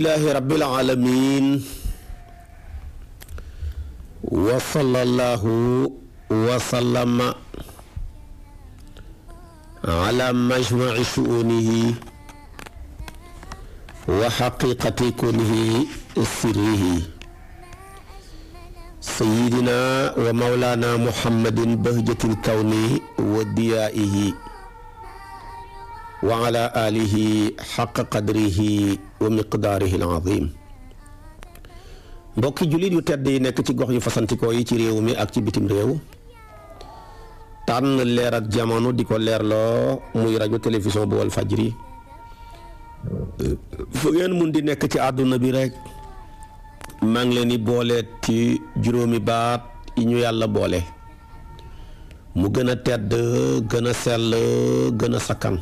lillaahi rabbil aalamiin wa sallallaahu wa sallama ala majmaci shuunihi wa xaqiiqati kunihi sirrihi sayyidina wa mawlaana muhammadin bahjatil kawni wa diyaa'ihi wa ala alihi xaqa qadrihi wa miqdaarihi alazim mbokki jullit yu tedd yi nekk ci gox yu fasantikoo yi ci réew mi ak ci bitim réew tànn leer ak jamono di ko leerloo muy rajo télévision bu wal fajri fu ngeen mun di nekk ci àdduna bi rek maa ngi leen di boole ci juróomi baat yi ñu yàlla boole mu gën a tedd gën a sell gën a sakkan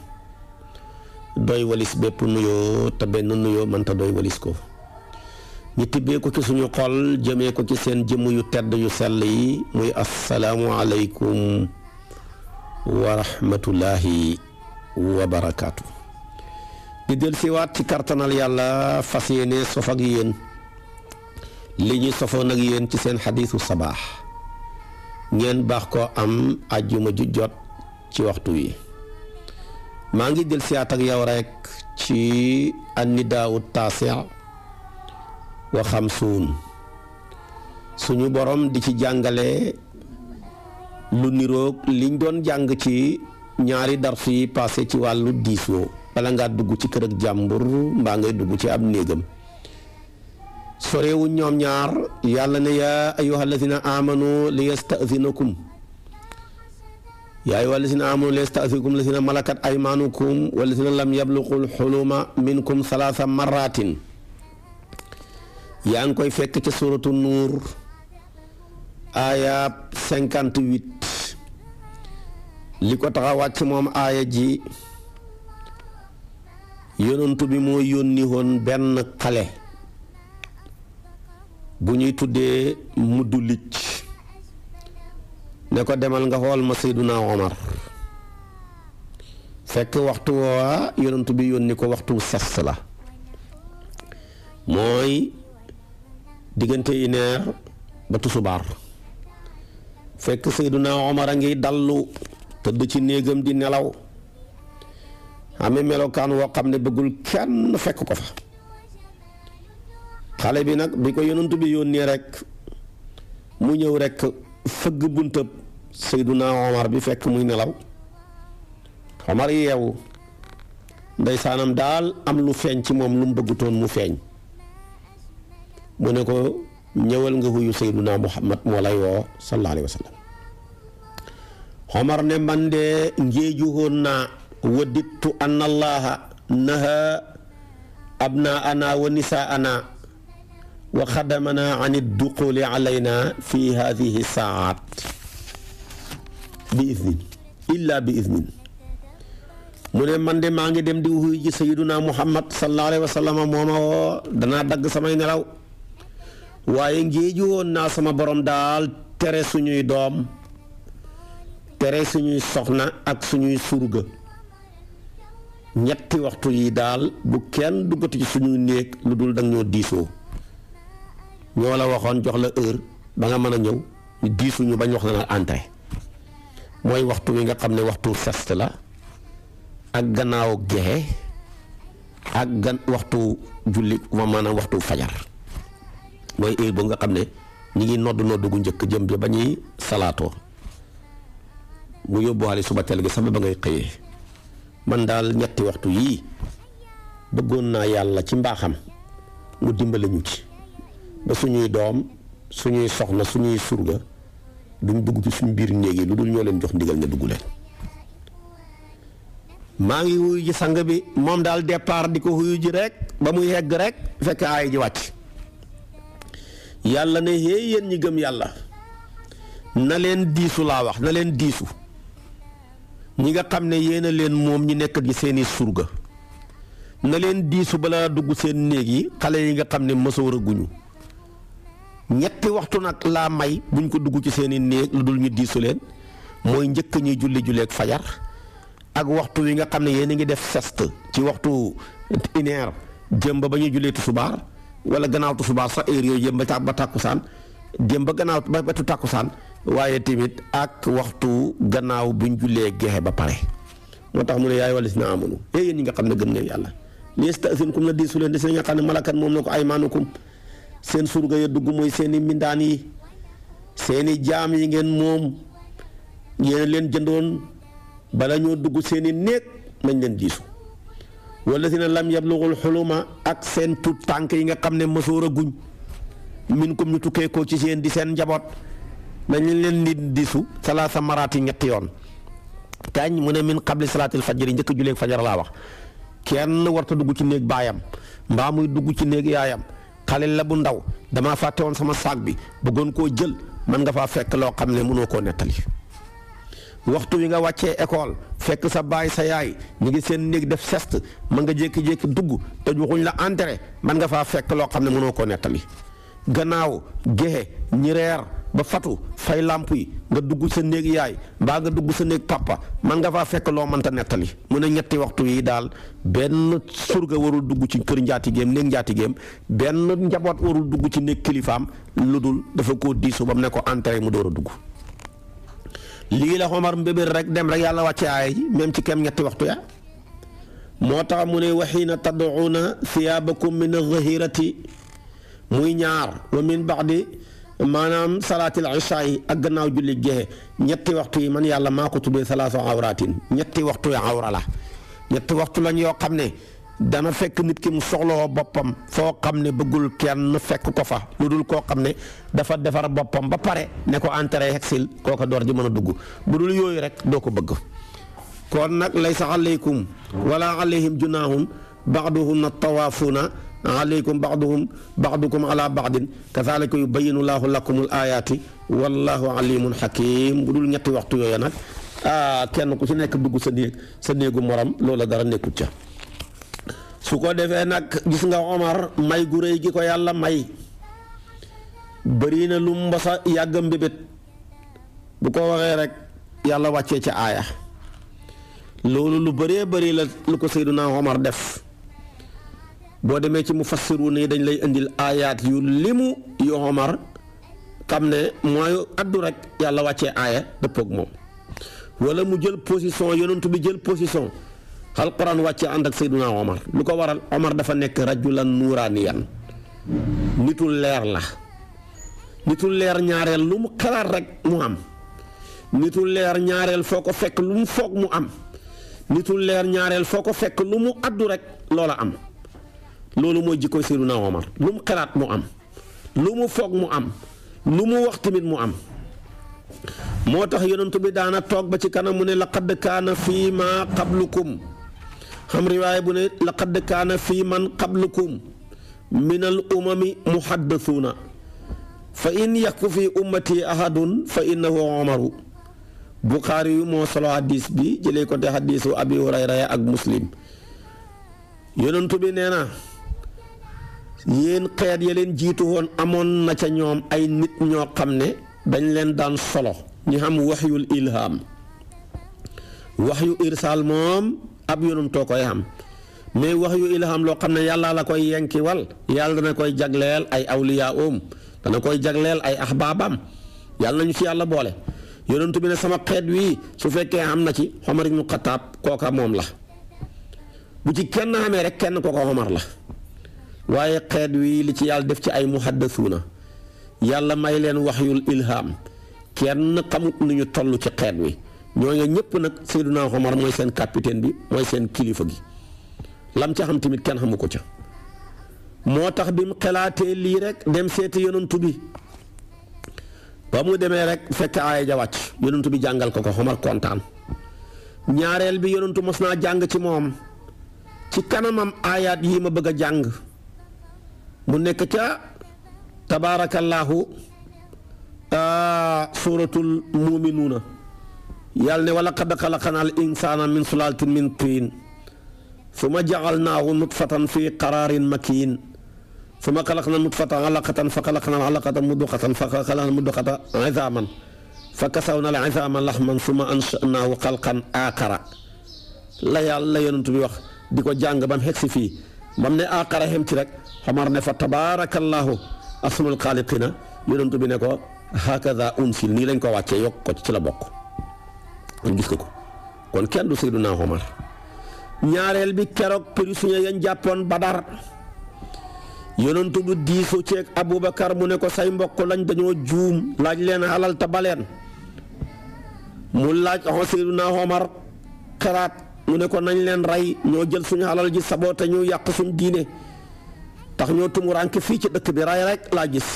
doy walis bépp nuyoo te benn nuyoo mënta doy walis ko ñu tibbee ko ci suñu xol jëmee ko ci seen jëmm yu tedd yu sell yi muy asalaamualeykum wa rahmatullahi wa barakaatu. di del siwaat ci kartanal yàlla fas yéene sof ak yéen li ñu sofoon ak yéen ci seen xadiisu sabaax ngeen baax koo am àjjuma ju jot ci waxtu wi maa ngi jël siyaat ak yow rekk ci annidaawu taasi wa xamsuun suñu boroom di ci jàngale lu niroog liñ doon jàng ci ñaari dars yi ci wàllu diisoo bala ngaa dugg ci kër ak jàmbur mbaa ngay dugg ci ab néegam sorewuñ ñoom ñaar yàlla ne yaa ayyuha allazina amanu li yasta'zinakum yaa ayyuha allazina amanu liyasta'fikum allazina malakat aymanukum wallazina lam yablughul huluma minkum salaasa marratin yaa ngi koy fekk ca suratu nuur aaya 58 li ko tax a moom aaya ji yonantu bi moo yónni benn xale bu ñuy tuddee mudd licc ne ko demal nga xool ma Seyduna Omar fekk waxtu woowa yonent bi yónni ko waxtu sess la mooy diggante une heure ba tusubaar fekk Seyduna Omar a ngi dallu tëdd ci néegam di nelaw amee melokaan woo xam ne bëggul kenn fekk ko fa xale bi nag bi ko yonent bi yónnee rek mu ñëw rek fëgg buntab Seyduna Omar bi fekk muy nelaw Omar yeewu ndeysaanam daal am lu feeñ ci moom lu mu bëggutoon mu feeñ mu ne ko ñëwal nga huyu Seyduna Muhammad moo lay woo sallallahu alayhi wa ne man de njeejuhoon naa waddittu anna allaha naha abna ana wa nisa ana wa xadamana an idduquli alayna fi hadihi saat bi ne man de maa ngi dem di wuyu ji sayiduna muhammad sallallahu alayhi dagg samay nelaw waaye ngéeju woon naa sama boroom daal tere suñuy doom tere suñuy soxna ak suñuy surga ñetti waxtu yi daal bu kenn duggati ci suñuy néeg lu dul dang ñoo diisoo ñoo la waxoon jox la heure ba nga mën a ñëw diisuñu bañ wax na la entrée mooy waxtu wi nga xam ne waxtu fest la ak gannaaw gexe ak gan waxtu julli ma maanaam waxtu fajar mooy heure boobu nga xam ne ñi ngi nodd nodd gu njëkk jëm bi ba ñuy salaatoo mu yóbbu yóbbuwaale suba teel gi sama ba ngay xëyee man daal ñetti waxtu yii bëggoon naa yàlla ci mbaaxam mu dimbale ñu ci ba suñuy doom suñuy soxna suñuy surga duñ dugg bi suñu biir néeg yi lu dul ñoo leen jox ndigal ne dugg leen maa ngi wuyu ji sang bi moom daal départ di ko wuyu ji rek ba mu yegg rek fekk aay ji wàcc yàlla na hey yéen ñi gëm yàlla na leen diisu laa wax na leen diisu ñi nga xam ne yéen leen moom ñi nekk gi seeni surga na leen diisu balaa dugg seen néeg yi xale yi nga xam ne mësoor a guñu ñetti waxtu nag laa may buñ ko dugg ci seeni néeg lu dul ñu diisu leen mooy njëkk ñuy julli julleeg fajar ak waxtu wi nga xam ne yéen ngi def sest ci waxtu une heure jëm ba ba ñuy jullee tusubaar wala gannaaw tusubaar sax heure yooyu jëm ba ca saan tàkkusaan jëm ba gannaaw ba betu tàkkusaan waaye tamit ak waxtu gannaaw buñ jullee gexe ba pare moo tax mu ne yaay wala si na amunu yéen ñi nga xam ne gëm ngeen yàlla li yasta'zinkum na diisu leen di si ne malakan moom na ko aymaanukum seen surga ya dugg mooy seeni mbindaan yi seeni jaam yi ngeen moom ngeen leen jëndoon bala ñoo dugg seeni néeg nañ leen diisu wala si na lam yablughul xuluma ak seen tut tànk yi nga xam ne mësoor a guñ min kum ñu tukkee ko ci seen di seen njaboot nañ leen di diisu salaasa maraati ñetti yoon kañ mu ne min qabli salaatil fajri njëkk juleeg fajar laa wax kenn warta dugg ci néeg baayam mbaa muy dugg ci néeg yaayam xale la bu ndaw damaa fàtte woon sama saag bi bëggoon koo jël mën nga faa fekk loo xam ne mënoo koo nettali waxtu wi nga wàccee école fekk sa baay sa yaay ñu ngi seen néeg def sest mën nga jékki-jékki dugg te waxuñ la entrée mën nga faa fekk loo xam ne mënoo koo nettali gannaaw géexe ñi reer ba fatu fay làmp yi nga dugg sa néeg yaay mbaa nga dugg sa néeg papa man nga faa fekk loo mënta nettali mu ne ñetti waxtu yi daal benn surga warul dugg ci kër njaatigéem néeg njaatigéem benn njaboot warul dugg ci néeg kilifaam lu dul dafa koo diisu ba mu ne ko entré mu door a dugg lii la xomar mbébér rek dem rek yàlla wàcce aay ji même ci kem ñetti waxtu ya moo tax mu ne waxiina tadduuna siyaabakum min zahirati muy ñaar wa min baxdi maanaam salaatil ishaa yi ak gannaaw julli jeexe ñetti waxtu yi man yàlla maa ko tuddee salaasu awraatin ñetti waxtu yi awra la ñetti waxtu lañ yoo xam ne dana fekk nit ki mu soxlawoo boppam foo xam ne bëggul kenn fekk ko fa lu dul koo xam ne dafa defar boppam ba pare ne ko entrée hexil kooka door ji mën a dugg bu dul yooyu rek doo ko bëgg kon nag laysa aleykum wala alayhim junaahun baaduhunna tawaafuuna alaykum baaduhum baadukum ala baadin kazalika yubayinu laahu lakumul ayaati wallahu alimun ñetti waxtu yooya nag ah ku ci nekk dugg sa néeg sa néegu morom ca su ko defee nag gis nga may gu rëy ko yàlla may bëri na lu mbasa yàgg mbébét bu ko waxee rek yàlla wàccee ca aaya loolu lu bëree bëri la lu ko Seydunaa Omar def boo demee ci mu mufassiruun yi dañ lay indil aayaat yu limu yu Omar xam ne mooy addu rek yàlla wàccee aaya dëppoog moom wala mu jël position yonentu bi jël position alquran wàccee ànd ak sayduna Omar lu ko waral Omar dafa nekk rajulan nuuraaniyan nitul leer la nitul leer ñaareel lu mu xalaat rek mu am nitul leer ñaareel foo ko fekk lu mu am nitul leer ñaareel foo ko fekk lu mu addu rek loola am loolu mooy jikkoy Seydina Omar lu mu xalaat mu am lu mu foog mu am lu mu wax tamit mu am moo tax yonentu bi daana toog ba ci kanam mu ne laqad kaana fii ma qablukum xam riwaaya bu ne laqad kaana fii man qablukum min al umami muhaddasuuna fa in yakku fi ummati ahadun fa innahu omaru buxaari yu moo solo hadis bi jëlee ko te hadisu abi hurayra ya ak muslim yonentu bi nee na yéen xeet ya leen jiitu woon amoon na ca ñoom ay nit ñoo xam ne dañ leen daan solo ñu xam waxyul wax yu irsaal moom ab too koy xam mais waxyu ilham loo xam ne yàlla la koy yenkiwal yàlla dana koy jagleel ay awliyaa oom dana koy jagleel ay ahbaabam yàlla nañu ci yàlla boole yonantu bi ne sama xeet wii su fekkee am na ci Omar ibnu Xataab kooka moom la bu ci kenn xamee rek kenn kooka Omar la waaye xeet wi li ci yàlla def ci ay muhaddasuuna yàlla may leen waxyul ilham kenn xamut nu ñu toll ci xeet wi ñoo nga ñëpp nag Seydunaa Omar mooy seen capitaine bi mooy seen kilifa gi lam ca xam tamit kenn xamu ko ca moo tax bi mu xelaatee lii rek dem seeti yonantu bi ba mu demee rek fekk aaya ja wàcc jàngal ko ko Omar ñaareel bi yonantu mos naa jàng ci moom ci kanamam aayaat yi ma bëgg a jàng bu nekk ca tabaarakallaahu suuratul muuminuuna yàlla ne wala qad xalaqnal insaana min sulaalatin min tiin summa ja'alnaahu nutfatan fi qaraarin makiin summa xalaqnaa nutfatan alaqatan fa xalaqnaa alaqatan mudqatan fa xalaqnaa mudqatan izaaman fa kasawnaa al-izaama laxman summa ansha'naahu xalqan aaxara la yàlla la yonent bi wax di ko jàng ba mu xegsi fii ba mu ne aaxara xem ci rek. xamar ne fa tabaarakallaahu asnul xaaliqiina yonent bi ne ko hakaza unsil nii lañ ko wàccee yokk ko ci la bokk kon gis nga ko kon kenn du Seydunaa Omar ñaareel bi keroog prisonnier yañ jàppoon Badar yonent bi u ceeg Aboubacar mu nekko say mbokk lañ dañoo juum laaj leen alal ta baleen mu laaj Seydunaa Omar xalaat mu ne nañ leen rey ñoo jël suñu alal ji saboote ñu yàq suñu diine. tax ñoo tumuraanke fii ci dëkk bi raay rek laa gis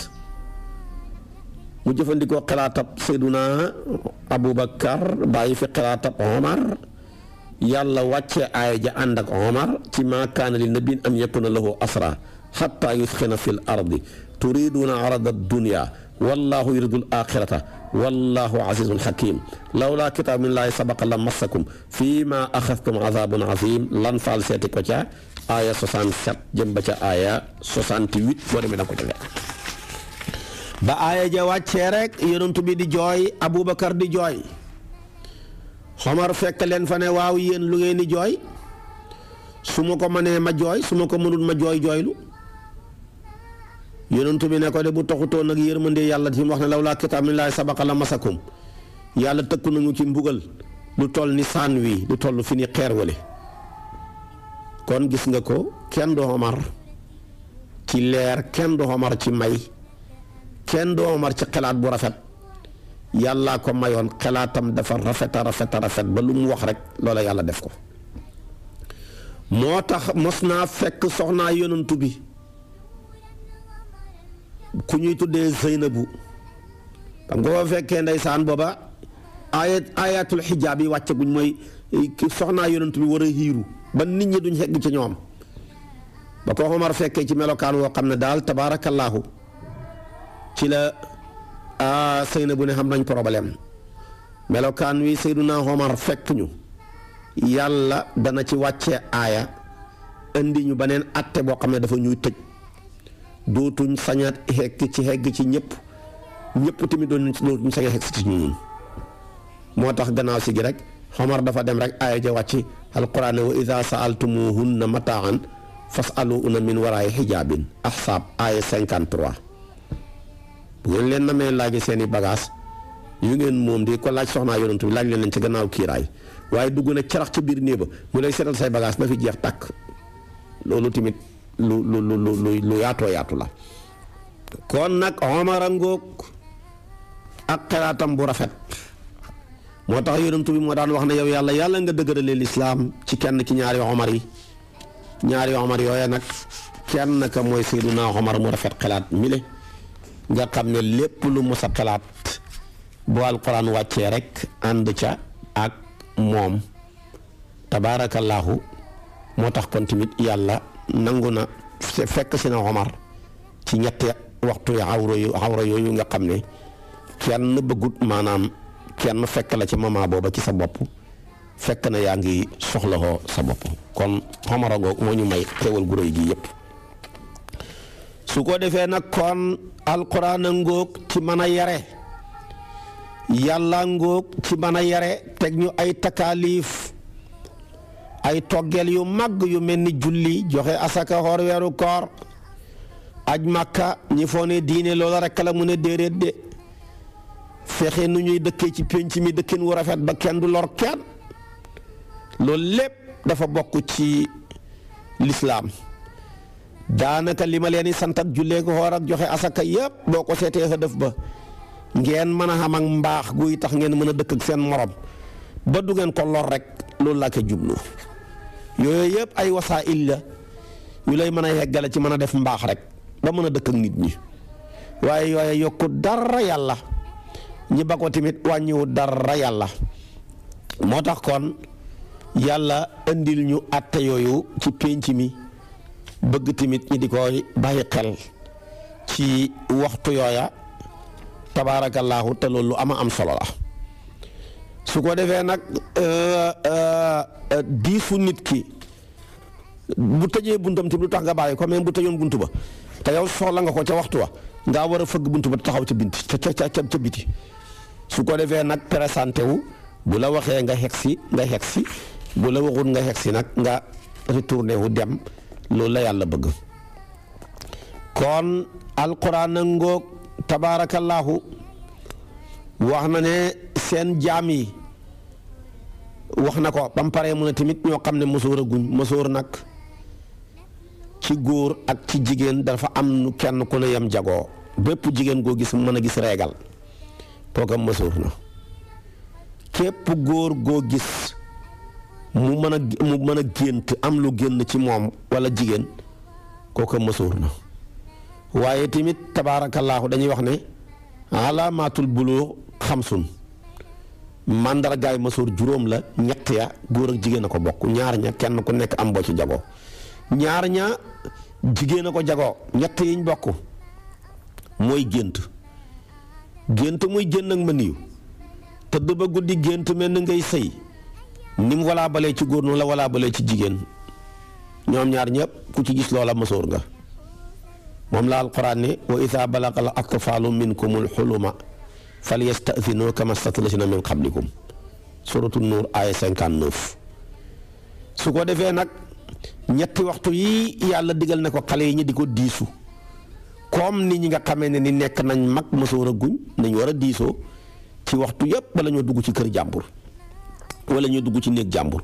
mu jëfandikoo xilaatab seyduna abubakar bàyyi fi xilaatab omar yàlla wàcce aaya ja ànd ak omar ci maa kaana li nabiin an yakuna lahu asra xatta yusxina fi l ardi turiduuna arada dunya wallahu yuridu l axirata wallahu azizun xakim lawla kitaab min laahi sabaqa la massakum fii ma axadtum azabun azim lan faal seeti ko ca aaya 67 jëm ba ca aaya 68 boo demee da ko ca fekk ja wàccee rek yonent bi di jooy Aboubacar di jooy Omar fekk leen fa ne waaw yéen lu ngeen di jooy su ma ko mënee ma jooy su ma ko mënul ma jooy jooylu yonent bi ne ko de bu taxutoon nag yërmande yàlla di mu wax ne law laa lawlaa kitaabun llaahi sabaqa la masakum yàlla tëkku nañu ci mbugal lu toll ni saan wi lu toll fi ni xeer wale kon gis nga ko kenn du Omar ci leer kenn du Omar ci may kenn du ci xalaat bu rafet yàllaa ko mayoon xalaatam dafa rafeta rafet ba lu mu wax rek loola yàlla def ko moo tax mos naa fekk soxnaa yonantu bi ku ñuy tuddee Zeynabu bu nga boo fekkee ndeysaan booba ayat ayatul xijaab yi wàcce guñ mooy eh, soxnaa yonantu bi war a hiiru ba nit ñi duñ xegg ci ñoom ba ko Omar fekkee ci melokaan woo xam ne daal tabaarakallaahu ci la sëy na bu ne xam nañ problème melokaan wi Seydunaa Omar fekk ñu yàlla dana ci wàcce aaya indi ñu beneen atte boo xam ne dafa ñuy tëj dootuñ sañaat xegg ci xegg ci ñëpp ñëpp tamit dootuñ sañ a xegg ci ñun moo tax gannaaw si gi rek. xomar dafa dem rek aaya ja wàcc alquran wa ida saaltumuhunna mataan fasaluuna min waraay xijaabin ahsaab aaya 53 bu ngeen leen na laaji laaj seeni bagage yu ngeen moom di ko laaj soxna yonantu laaj leen leen ci gannaaw kiiraay waaye dugg na carax ci biir néeba mu lay seetal say bagaas ba fi jeex tàkk loolu tamit lu lu lu lu lu yaatoo yaatu la kon nag xomara ngoog ak xelaatam bu rafet moo tax yonent bi moo daan wax na yow yàlla yàlla nga dëgërale lislaam ci kenn ci ñaari Omar yi ñaari Omar yooya nag kenn ka mooy Seydina Omar mu rafet xalaat mile nga xam lépp lu mos xalaat bu alquran wàccee rek ànd ca ak moom tabaarakallaahu moo tax kon tamit yàlla nangu na fekk si na Omar waxtu yi awra yu yooyu nga xam ne kenn bëggut maanaam kenn fekk la ci moment booba ci sa bopp fekk na yaa ngi soxla sa bopp kon xomaro goog moo ñu may xéewal gu gi yëpp su ko defee nag kon alquran a ngóog ci mën a yare yàlla ngóog ci mën a yare teg ñu ay takaalif ay toggeel yu màgg yu mel ni julli joxe asaka xoor weeru koor aj màkka ñi foo ne diine loola rekk la mu ne déedéet de fexe nu ñuy dëkkee ci pénc mi dëkkin wu rafet ba kenn du lor kenn loolu lépp dafa bokk ci lislaam daanaka li ma leen di sant ak jullee ko xoor ak joxe asaka yëpp boo ko seetee xëdëf ba ngeen mën a xam ak mbaax guy tax ngeen mën a dëkk ak seen morom ba du ngeen ko lor rek loolu laa ko jublu yooyu yëpp ay wasaa la yu lay mën a yeggale ci mën a def mbaax rek ba mën a dëkk ak nit ñi waaye yooyu yokku dara yàlla. ñi ba ko tamit wàññiwu dara yàlla moo tax kon yàlla indil ñu àtte yooyu ci pénc mi bëgg tamit ñi di koy bàyyi xel ci waxtu yooya tabaarakallaahu te loolu ama am solo la su ko defee nag euh, euh, diifu nit ki bu tëjee buntam tamit lu tax nga bàyyi ko même bu tëjoon bunt ba te yow soxla nga ko ca waxtu wa ngaa war a fëgg bunt ba taxaw ca binti ca ca ca ca biti su ko defee nag présenté wu bu la waxee nga xeg si nga xeg si bu la waxul nga xeg si nag nga retourné wu dem loolu la yàlla bëgg kon alquran na ngoog tabaarakallaahu wax na ne seen jaam yi wax na ko ba pare paree mu ne tamit ñoo xam ne mësoor a guñ mësoor nag ci góor ak ci jigéen dafa am nu kenn ku ne yem jagoo bépp jigéen koo gis mën a gis reegal toogam masuur na képp góor goo gis mu mën a mu mën a gént am lu génn ci moom wala jigéen kooka masuur na waaye tamit tabaarakallaahu dañuy wax ne alaamaatul xam xamsun màndargaay masuur juróom la ñett ya góor ak jigéen a ko bokk ñaar ña kenn ku nekk am boo ci jagoo ñaar ña jigéen a ko jagoo ñett yiñ bokk mooy gént gént muy génn ak ma niyu tëdd ba guddi gént mel ni ngay sëy ni mu walaa balee ci góor nu la walaa balee ci jigéen ñoom ñaar ñëpp ku ci gis loola masoor nga moom la alquran ne wa ida balaga al atfaalu minkumul xuluma fal yastasinoo kama statlachina min qablikum suratu nuur aya su ko defee nag ñetti waxtu yi yàlla digal na ko xale yi ñi di ko diisu comme ni ñi nga xamee ne ni nekk nañ mag mësoor a guñ nañ war a diisoo ci waxtu yépp wala ñoo dugg ci kër jàmbur wala ñoo dugg ci néeg jàmbur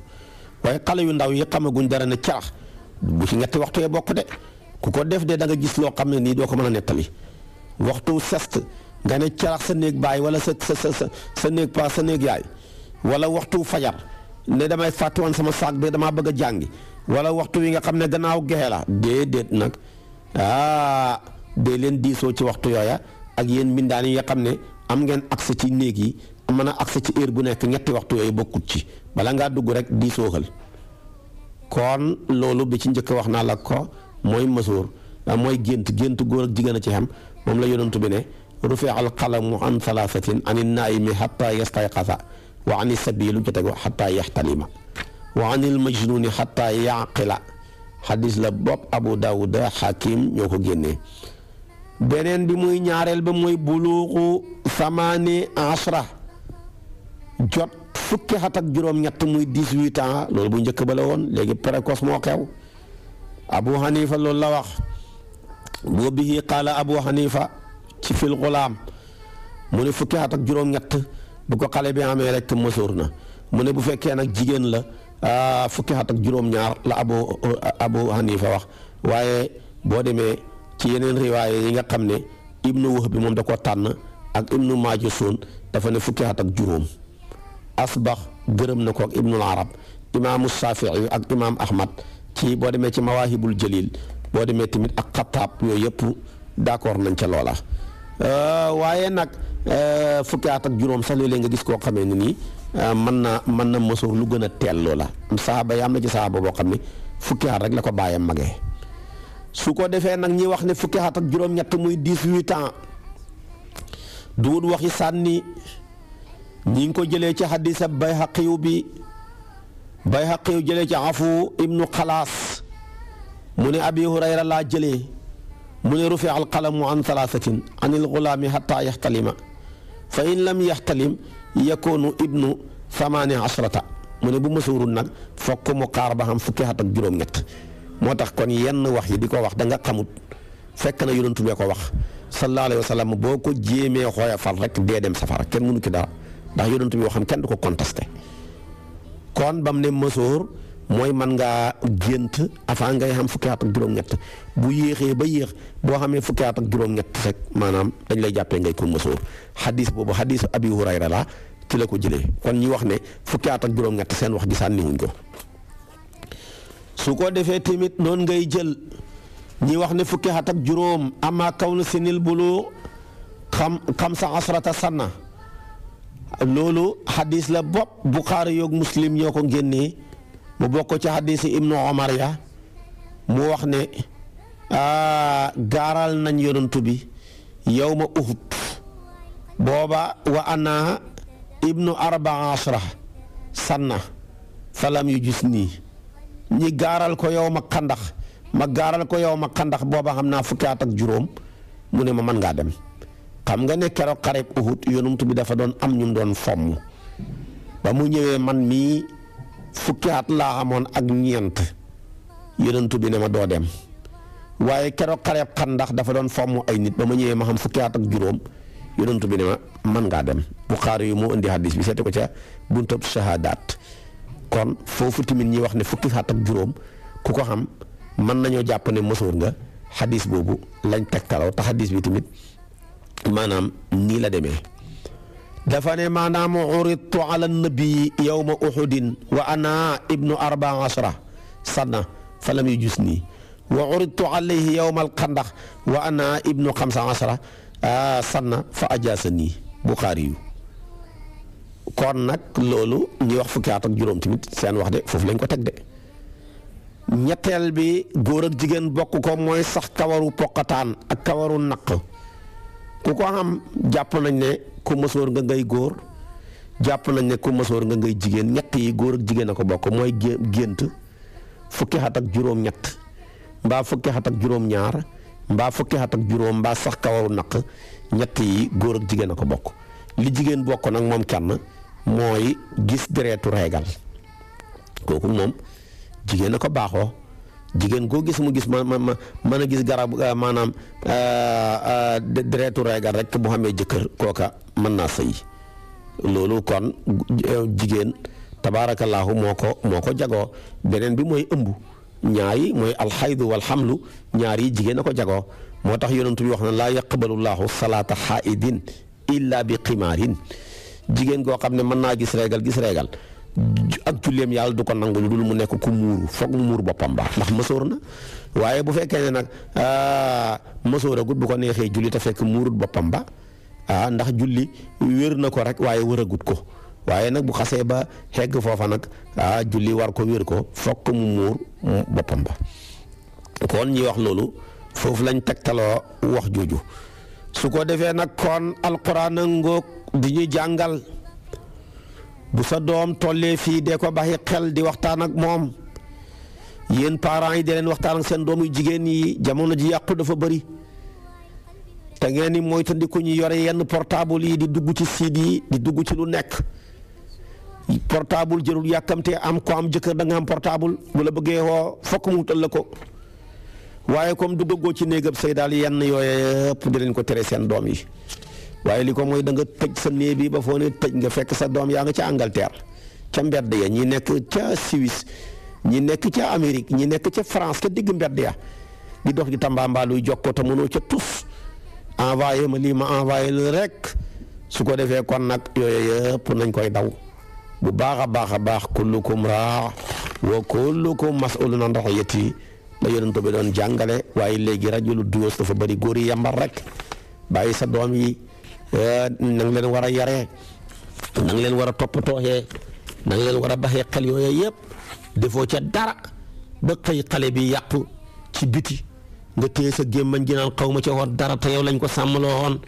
waaye xale yu ndaw yi xamaguñ dara ne carax bu ci ñetti waxtu yee bokk de ku ko def de da gis loo xam ne nii doo ko mën a nettali waxtu sest nga ne carax sa néeg baay wala sa sa sa néeg paa sa néeg yaay wala waxtu fajar ne damay fàtte woon sama saak bi damaa bëgg a jàngi wala waxtu wi nga xam ne gannaaw gexe la déedéet nag ah. dee leen diisoo ci waxtu yooya ak yéen mbindaan yi nga xam ne am ngeen accès ci néeg yi mën a accès ci heure bu nekk ñetti waxtu yooyu bokkut ci bala ngaa dugg rek diisooxal kon loolu bi ci njëkk wax naa la ko mooy masóor mooy gént gént góor ak jigéen a ci xam moom la yonantu bi ne rufi al qalamu an thalathatin an naimi xata yastayqasa wa an sabii lu ñu ca teg wax xata yaxtalima wa an il majnuni xata yaqila xadis la bopp abu daawuda xakim ñoo ko génnee beneen bi muy ñaareel ba mooy buluuxu samaani asra jot fukki at ak juróom-ñett muy dix-huit ans loolu bu njëkk ba la woon léegi précoce moo xew abu hanifa loolu la wax boo bihi qaala abu hanifa ci fil xulaam mu ne fukki at ak juróom-ñett bu ko xale bi amee rek mësoor na mu ne bu fekkee nag jigéen la ah, fukki at ak juróom-ñaar la abu abu hanifa wax waaye boo demee ci yeneen riwaaye yi nga xam ne ibnu Wahb bi moom da ko tànn ak ibnu Maajusun dafa ne fukki at ak juróom asbax gërëm na ko ak ibnul arab imaamu Saafi'i ak imaam Ahmad ci boo demee ci mawaahibul jalil boo demee tamit ak xataab yooyu yëpp d'accord nañ ca loola euh, waaye nag euh, fukki at ak juróom sax léeg-léeg nga gis koo xamee ne nii euh, mën na mën na mësoor lu gën a teel loola saaba yi am na ci saaba boo xam ne fukki at rek la ko bàyyam magee su ko defee nag ñi wax ne fukki at ak juróom-ñett muy dix-huit ans duut waxi sànni ñi ngi ko jëlee ci xadisa Bayhaqiyu bi Bayhaqiyu jëlee ci afu ibnu xalaas mu ne abi hurayra laa jëlee mu ne rufi al qalamu an thalathatin an il gulaami xatta yaxtalima fa in lam yaxtalim yakunu ibnu thamaani ashrata mu ne bu mësuurul nag fokk mu xaar ba xam fukki at ak juróom-ñett moo tax kon yenn wax yi di ko wax danga nga xamut fekk na yonantu bee ko wax sallallahu alayhi wa sallam boo ko jéemee xooyafal rek dee dem safara kenn mënu ki dara ndax yonantu bi yoo xam kenn du ko contesté kon bam ne mësoor mooy man ngaa gént avant ngay xam fukki at ak juróom-ñett bu yéexee ba yéex boo xamee fukki at ak juróom maanaam dañ lay jàppee ngay ko mësoor xadis boobu xadisu abi hurayra la ci la ko jëlee kon ñi wax ne fukki at ak seen wax gi sànniwuñ ko su ko defee tamit noon ngay jël ñi wax ne fukki at ak juróom ama kaw na sinil bulu xam xam sa asrata loolu xadis la bopp buxaari yoog muslim ñoo ko génnee mu bokk ci xadis yi ibnu omar ya mu wax ne gaaral nañ yonantu bi yow ma uhud booba wa ana ibnu arbaa asra sanna falam yu gis nii ñi gaaral ko yow ma xandax ma gaaral ko yow ma xandax booba xam naa fukki at ak juróom mu ne ma mën ngaa dem xam nga ne keroog xareeb Uhud yonumtu bi dafa doon am ñum doon fomm ba mu ñëwee man mii fukki laa xamoon ak ñeent yonumtu bi ne ma doo dem waaye keroog xareeb xandax dafa doon fomm ay nit ba ma ñëwee ma xam fukki at ak juróom yonumtu bi ne ma mën ngaa dem Buxaari yu moo indi hadis bi seete ko ca buntab shahadaat kon foofu tamit ñi wax ne fukki at ak juróom ku ko xam mën nañoo jàpp ne mësoor nga xadis boobu lañ tegtaloo te xadis bi tamit maanaam nii la demee dafa ne maanaam uridtu ala nabii yowma uhudin wa ana ibnu arbaa ashra sanna fa lam yujusnii wa uridtu alayhi yowma alxandax wa ana ibnu xamsa ashra ah, sanna fa ajaasanii buxaari yu kon nag loolu ñuy wax fukki at ak juróom tamit seen wax de foofu lañ ko teg de ñetteel bi góor jigéen bokk ko mooy sax kawaru poqataan ak kawaru naq ku jàpp nañ ne ku mësoor nga ngay góor jàpp nañ ne ku mësoor nga ngay jigéen ñett yi góor a ko bokk mooy gént fukki ak juróom-ñett mbaa fukki at ak juróom-ñaar mbaa fukki at ak juróom mbaa sax kawaru naq ñett yi góor ak jigéen a ko bokk li jigéen bokk nag moom kenn. mooy gis deretu reegal kooku moom jigéen a ko baaxoo jigéen koo gis mu gis ma ma mën a gis garab euh, maanaam euh, euh, deretu reegal rek bu xamee jëkkër kooka mën naa sëy loolu kon jigéen tabaarakallaahu moo ko moo ko jagoo beneen bi mooy ëmb ñaar yi mooy alxaydu wal xamlu ñaar yi jigéen a ko jagoo moo tax yonent bi wax na la yaqbalu llaahu salaata xaaidin illa bi qimaarin jigéen goo xam ne mën naa gis régal gis régal ak julleem yàlla du ko nangu lu dul mu nekk ku muuru foog mu muur boppam ba ndax mësoor na waaye bu fekkee ne nag ah, mësooragut bu ko neexee julli te fekk muurut boppam ba ah ndax julli wér na ko rek waaye wëragut ko waaye nag bu xasee ba xegg foofa nag ah julli war ko wér ko fokk mu muur boppam ba kon wax loolu foofu lañ tegtaloo wax jooju su ko defee nag kon alquran a ngoog di ñu jàngal bu sa doom tollee fii dee ko baxi xel di waxtaan ak moom yéen parent yi di leen waxtaan ak seen doomu jigéen yi jamono ji yàqu dafa bari te ngeen ni ko ñu yore yenn portable yi di dugg ci siid yi di dugg ci lu nekk portable jërul yàkkamte am ko am jëkkër danga am portable bu bëggee woo fokk mu wutal la ko waaye comme duggagoo ci néegam sëy daal yenn yooyu yëpp di leen ko tere seen doom yi. waaye li ko mooy da nga tëj sa néeg bi ba foo ne tëj nga fekk sa doom yaa nga ca Angleterre ca mbedd ya ñi nekk ca Suisse ñi nekk ca Amérique ñi nekk ca France ca digg mbedd ya di dox di tambaambaaluy jokkoo te mënoo ca tus envoyé ma lii ma envoyé la rek su ko defee kon nag yooyu yëpp nañ koy daw bu baax a baax a baax kullukum raa wa kullukum mas'ulun an yi la yonent bi doon jàngale waaye léegi rajo lu duyoos dafa bëri góor yi yàmbar rek bàyyi sa doom yi na nga leen war a yaree na leen war a toppatooxee na nga leen war a baxee xel yooya yëpp defoo ca dara ba xëy xale bi yàqu ci biti nga téye sa gémmañ gi naan xaw ma ca dara te lañ ko sàmmaloo woon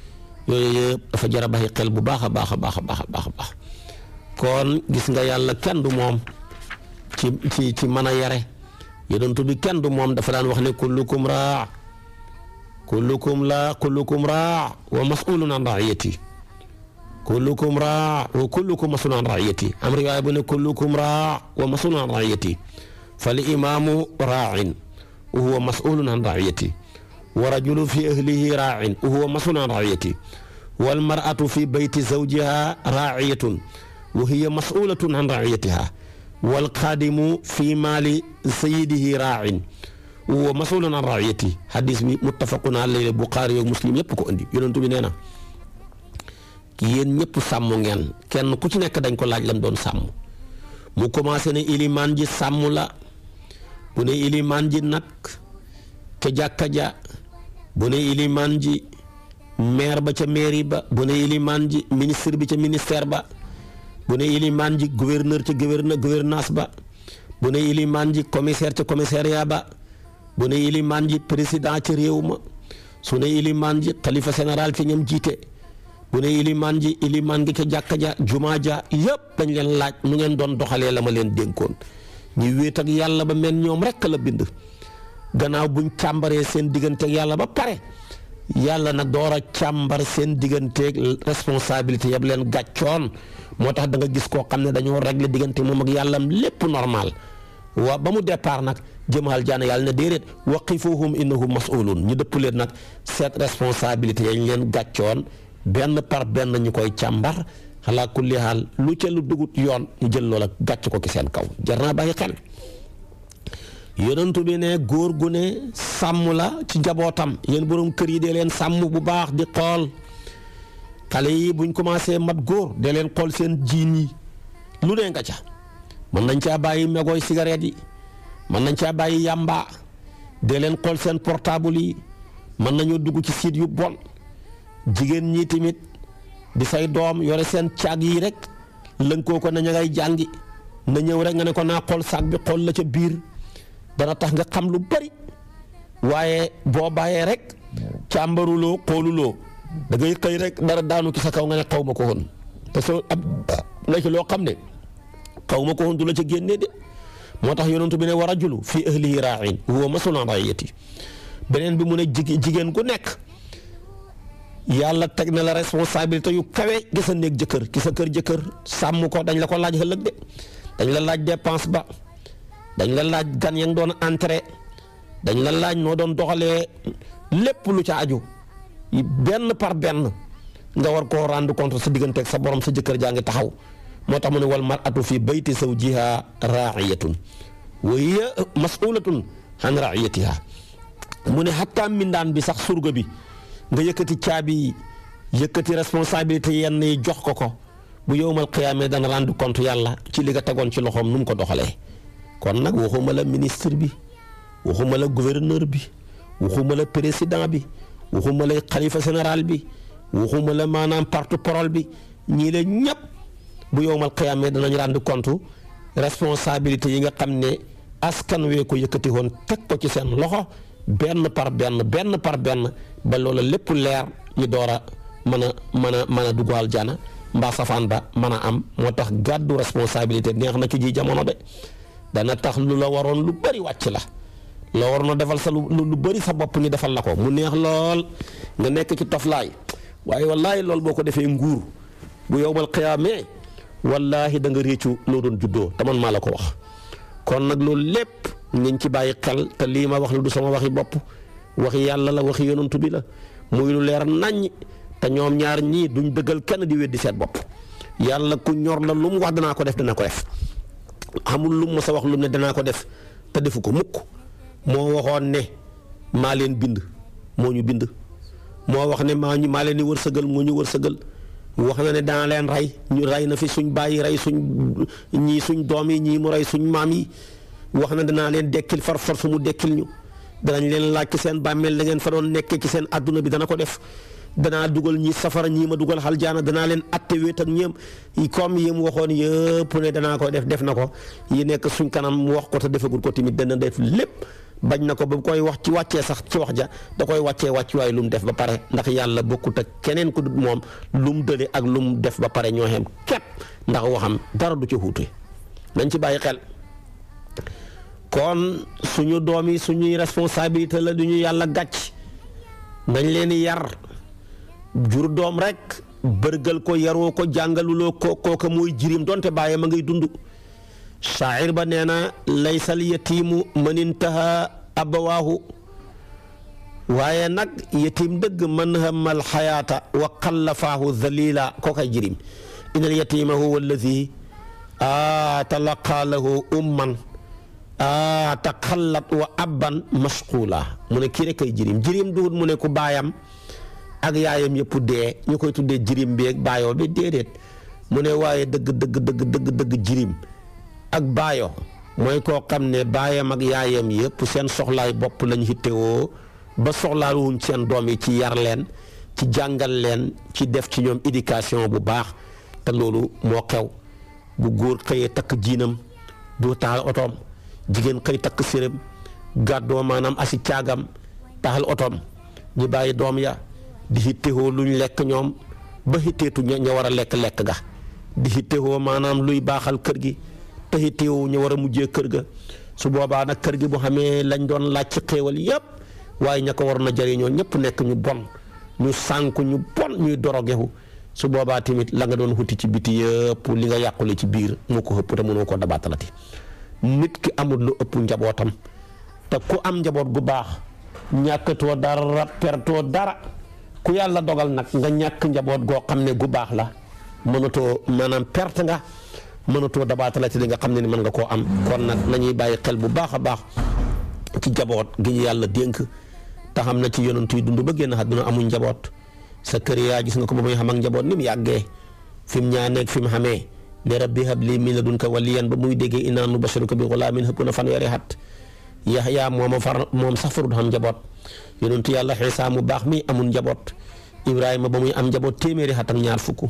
yooyu yëpp dafa jar a baxee xel bu baax a baax a baax a baax a baax kon gis nga yàlla kenn du moom ci ci ci mën a yare yonent bi kenn du moom dafa daan wax ne kullukum raa kullukum laa kullukum raa wa mas'ulun an raiyati kullukum raa wa kullukum mas'ulun an raiyati am riwaaya bu ne kullukum raa wa mas'ulun an raiyati fal imaamu raa'in wa huwa mas'ulun an raiyati wa rajulu fi ahlihi raa'in wa huwa mas'ulun an raiyati wal mar'atu fi bayti zawjiha raa'iyatun wa hiya mas'ulatun an raiyatiha wal xaadimu fi maali sayyidihi raa'in wa masulun an raiyati hadis bi muttafaqun alayhi Buxaari yoog muslim yëpp ko andi yonentu bi nee na yéen ñëpp sàmm ngeen kenn ku ci nekk dañ ko laaj lan doon sàmm mu commencé ne ilimaan ji sàmm la bu ne ilimaan ji nag ca jàkka ja bu ne ilimaan ji maire ba ca mairie ba bu ne ilimaan ji ministre bi ca ministère ba bu ne ilimaan ji gouverneur ca gouverneur gouvernance ba bu ne ilimaan ji commissaire ca commissariat ba bu ne ilimaan ji président ci réew ma su ne ilimaan ji xalifa général ci ñam jiite bu ne ilimaan ji ilimaan gi ca jàkka ja jumaa ja yëpp dañ leen laaj mu ngeen doon doxalee la ma leen dénkoon ñi wéet ak yàlla ba mel ñoom rekk la bind gannaaw buñ càmbaree seen digganteeg yàlla ba pare yàlla nag door a càmbar seen digganteeg responsabilité yëpp leen gàccoon moo tax da nga gis koo xam ne dañoo régler diggante moom ak yàllam lépp normal waa ba mu départ nag jëm aljana yàlla ne déedéet waqifuhum innahum mas'ulun ñu dëpp leen nag seet responsabilité yañ leen gàccoon benn par benn ñu koy càmbar ala kulli haal lu ca lu dugut yoon ñu jël loola gàcc ko ki seen kaw jar naa bàyyi xel yonentu bi ne góor gu ne sàmm la ci njabootam yéen borom kër yi dee leen sàmm bu baax di xool xale yi buñ commencé mat góor dee leen xool seen jiin yi lu ne nga ca mën nañ caa bàyyi megooy cigarette yi mën nañ caa bàyyi yàmba dee leen xool seen portable yi mën nañoo dugg ci siit yu bon jigéen ñi tamit di say doom yore seen caag yi rek lënkoo ko na ña ngay jàngi na ñëw rek nga ne ko naa xool saag bi xool la ca biir dana tax nga xam lu bari waaye boo bàyyee rek càmbaruloo xooluloo da xëy rek dara daanu ci sa kaw nga ne xaw ma ko woon te soo ab la ci loo xam ne. xaw ma ko woon du la ca génnee de moo tax yonentu bi ne wa rajulu fi ahlihi raa'in huwa masulun ra'iyyati beneen bi mu ne jigéen ku nekk yàlla teg na la responsabilité yu kawe gi sa néeg jëkkër ki sa kër jëkkër sàmm ko dañ la ko laaj ëllëg de dañ la laaj dépense ba dañ la laaj gan ya nga doon entrée dañ la laaj noo doon doxalee lépp lu ca aju benn par benn nga war koo rendre compte sa diggante sa borom sa jëkkër jaa ngi taxaw moo tax mu ne wal mar'atu fi bayti zawjiha raa'iyatun wa hiya mas'ulatun an raa'iyatiha mu ne xattaa mindaan bi sax surga bi nga yëkkati caabi yi yëkkati responsabilité yenn yi jox ko ko bu yowmal qiyaamee dana rendre compte yàlla ci li nga tegoon ci loxoom nu mu ko doxalee kon nag waxuma la ministre bi waxuma la gouverneur bi waxuma la président bi waxuma la xalifa général bi waxuma la maanaam porte-parole bi ñii la ñëpp bu yowmal qiyaamee danañ rendre compte responsabilité yi nga xam ne askan wee ko yëkkati woon teg ko ci seen loxo benn par benn benn par benn ba loola lépp leer ñu door a mën a mën a mën a dugg jana mbaa safaan ba mën a am moo tax gàddu responsabilité neex na ki ji jamono de dana tax lu la waroon lu bari wàcc la loo waroon a defal sa lu lu bari sa bopp ñu defal la ko mu neex lool nga nekk ci toflaay waaye wallaay loolu boo ko defee nguur bu yowmal wallaahi da nga réccu loo doon juddoo te man maa la ko wax kon nag loolu lépp nañ ci bàyyi xel te lii ma wax la du sama waxi bopp waxi yàlla la wax yonantu bi la muy lu leer naññ te ñoom ñaar ñii duñ dëggal kenn di weddi seen bopp yàlla ku ñor la lu mu wax danaa ko def dana ko def amul lu mu sa wax lu ne danaa ko def te defu ko mukk moo waxoon ne maa leen bind moo ñu bind moo wax ne maa ñu maa leen di wërsëgal moo ñu wërsëgal wax na ne dana leen rey ñu rey na fi suñ bàyyi rey suñ ñii suñ doom yi ñii mu rey suñ maam yi wax na danaa leen dekkil far far fu mu dekkil ñu danañ leen laaj ci seen bàmmeel la ngeen fa doon nekkee ci seen àdduna bi dana ko def danaa dugal ñi safara ñii ma dugal xal jaana danaa leen atte wéet ak ñeem comme yi mu waxoon yëpp ne danaa ko def def na ko yi nekk suñ kanam wax ko te defagul ko tamit dana def lépp bañ na ko ba koy wax ci wàccee sax ci wax ja da koy wàccee wàccuwaay lu mu def ba pare ndax yàlla bokkut ak keneen ku du moom lu mu dële ak lu mu def ba pare ñoo xem képp ndax waxam dara du ci xuute nañ ci bàyyi xel kon suñu doom yi suñuy responsabilité la du ñu yàlla gàcc nañ leen yar jur doom rek bërgal ko yaroo ko jàngaluloo ko kooka mooy jirim donte bàyyee ma ngay dund saacir ba nee na laysal yatiimu man intaha abawaahu waaye nag yatiim dëgg man hammal xayaata wa xallafaahu dalila kookay jirim inal yatiima huwa alladi a talaqa lahu umman a taxallat wa abban masquula mu ne kii rek kay jirim jirim duhut mu ne ku baayam ak yaayam yëpp dee ñu koy tuddee jirim bi baayoo bi déedéet mu ne waaye dëgg dëgg dëgg dëgg dëgg jirim ak baayo mooy koo xam ne baayam ak yaayam yëpp seen soxlaay bopp lañ xittewoo ba soxlaawuñ seen doom yi ci yar leen ci jàngal leen ci def ci ñoom éducation bu baax te loolu moo xew bu góor xëyee takk jiinam du taxal otoom jigéen xëy takk séram gàddoo maanaam asi caagam taxal otoom ñu bàyyi doom ya di xittewoo luñ lekk ñoom ba xitteetu ña war a lekk lekk ga di xittewoo maanaam luy baaxal kër gi te taxitiw ñu war a mujjee kër ga su boobaa nag kër gi bu xamee lañ doon laaj ci xéewal yépp waaye ña ko waroon a jëriñoo ñëpp nekk ñu bon ñu sànku ñu bon ñuy dorogewu su boobaa tamit la nga doon xuti ci biti yëpp li nga yàqule ci biir moo ko xëpp te mënoo koo dabaatalati nit ki amul lu ëpp njabootam te ku am njaboot gu baax ñàkkatoo dara pertoo dara ku yàlla dogal nag nga ñàkk njaboot goo xam ne gu baax la mënatoo maanaam perte nga mënatoo dabaatalati li nga xam ne ni mën nga koo am kon nag nañuy bàyyi xel bu baax a baax ci jaboot gi ñu yàlla dénk te xam na ci yonent yi dund ba génn àdduna amuñ njaboot sa kër yaa gis nga ko ba muy xam ak njaboot ni yàggee fi mu ñaaneeg fi mu xamee ne rabbi hab lii min ladunka waliyan ba muy déggee innaa nubashiruka bi ghulaamin ëpp na fanweeri at Yaxya moom a far moom sax farut xam njaboot yonentu yàlla Iisaa mu baax mii amul njaboot Ibrahima ba muy am njaboot téeméeri at am ñaar fukk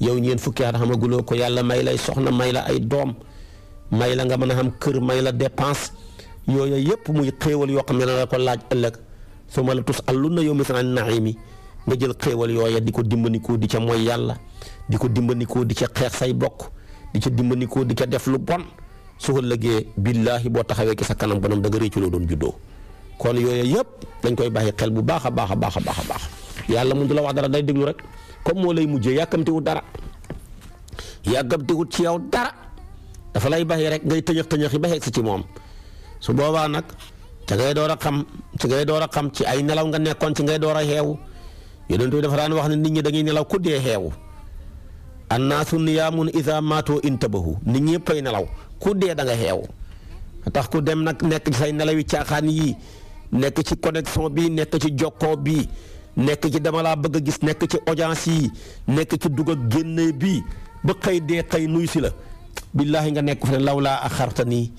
yow ñeent fukki at xamaguloo ko yàlla may lay soxna may la ay doom may la nga mën a xam kër may la dépense yooyu yëpp muy xéewal yoo xam ne na la ko laaj ëllëg su ma la tus allu na yow misaan naimi nga jël xéewal yooya di ko dimbandikoo di ca mooy yàlla di ko dimbandikoo di ca xeex say bokk di ca dimbandikoo di ca def lu bon su ëllëgee billaahi boo taxawee ci sa kanam bonom da nga réccu loo doon juddoo kon yooyu yëpp dañ koy bàyyi xel bu baax a baax a baax a baax a baax yàlla mun du comme moo lay mujjee yàkkamtiwut dara yàkkamtiwut ci yow dara dafa lay bàyyi rek ngay tëñëx tëñëxi baxe ba ci moom su boobaa nag ci ngay door a xam ci ngay door a xam ci ay nelaw nga nekkoon ci ngay door a xeewu yonent bi dafa daan wax ne nit ñi da nelaw ku dee xeewu annaasu niyaamun iza maatoo intabahu nit ñëpp nelaw ku dee da nga tax ku dem nag nekk ci say nelaw yi caaxaan yii nekk ci connexion bi nekk ci jokkoo bii nekk ci dama laa bëgg a gis nekk ci audience yi nekk ci dugg ak génne bi ba xëy dee xëy nuyu si la billaahi nga nekk fa ne law laa a axartani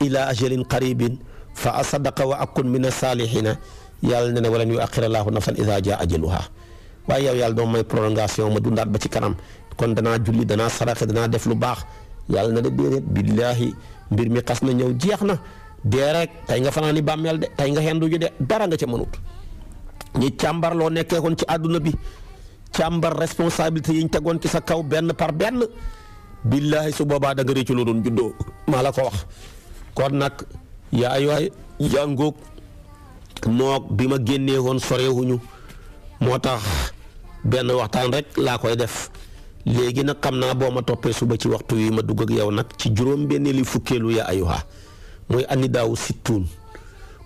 ila ajalin qaribin fa asadaqa wa akun min asaalihina yàlla ne ne walan yu axira laahu nafsan idaa jaa ajaluha waaye yow yàlla dama may prolongation ma dundaat ba ci kanam kon danaa julli danaa saraxe danaa def lu baax yàlla na de déedéet billaahi mbir mi xas na ñëw jeex na dee rek tey nga fanaan ni bàmmeel de tey nga xendu ju de dara nga ca mënut ñi càmbarloo loo nekkeekoon ci àdduna bi càmbar responsabilité yi ñu tegoon ci sa kaw benn par benn billaahi su boobaa da nga réccu loo doon juddoo maa la ko wax kon nag yaay waay jàngoog noog bi ma génnee woon sorewuñu moo tax benn waxtaan rek laa koy def léegi nag xam naa boo ma toppee suba ci waxtu wi ma dugg yow nag ci juróom benn li fukkeelu yaa ayuha mooy annidaawu sittuun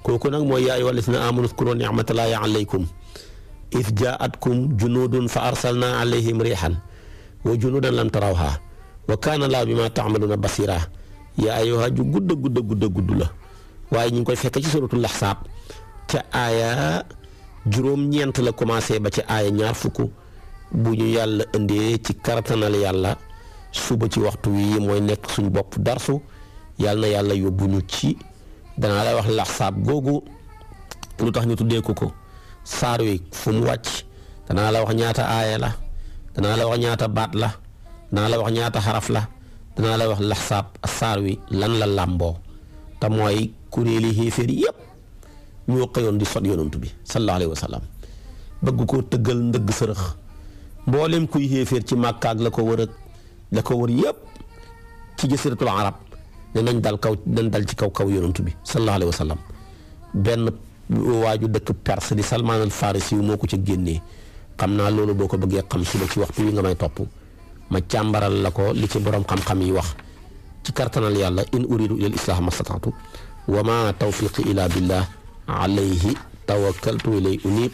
kooku nag mooy yaa ayyuhal lazina aamanu uzkuru nicmatallaahi aleykum iz jaatkum junuudun fa arsalnaa alayhim riixan wa junuudan lam tarawhaa wa kaana llaahu bimaa tacmaluuna basiiraa yaa ayyuha ju gudd gudd gudd gudd la waaye ñu ngi koy fekk ci suuratul Ahzaab ca aaya juróom-ñeent la commencé ba ca aaya ñaar fukk bu ñu yàlla indee ci karatanal yàlla suba ci waxtu wi mooy nekk suñ bopp darsu yàlla na yàlla yóbbu ñu ci. danaa lay wax laxsaab googu lu tax ñu tuddee ko saar wi fu mu wàcc danaa la wax ñaata aaya la danaa la wax ñaata baat la danaa la wax ñaata xaraf la danaa la wax laxsaab saar wi lan la làmboo te mooy kuréeli xéeféer yëpp ñoo xëyoon di sot yonantu bi sallallahu alayhi wa sallam bëgg koo tëggal ndëgg sërëx mboolem kuy xéeféer ci màkkaag la ko wër ak la ko wër yëpp ci jasiratul arab ne nañ dal kaw nañ dal ci kaw kaw yonantu bi sallallahu alayhi wa sallam benn waaju dëkk Perse di Salmaan al Farisi moo ko ci génnee xam naa loolu boo ko bëggee xam suba ci waxtu wi nga may topp ma càmbaral la ko li ci borom xam-xam yi wax ci kartanal yàlla in uridu ila al islaah mastataatu wa ma tawfiqi ila billah alayhi tawakkaltu ilay unib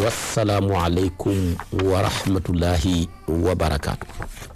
wassalaamu alaykum wa rahmatullahi wa barakaatu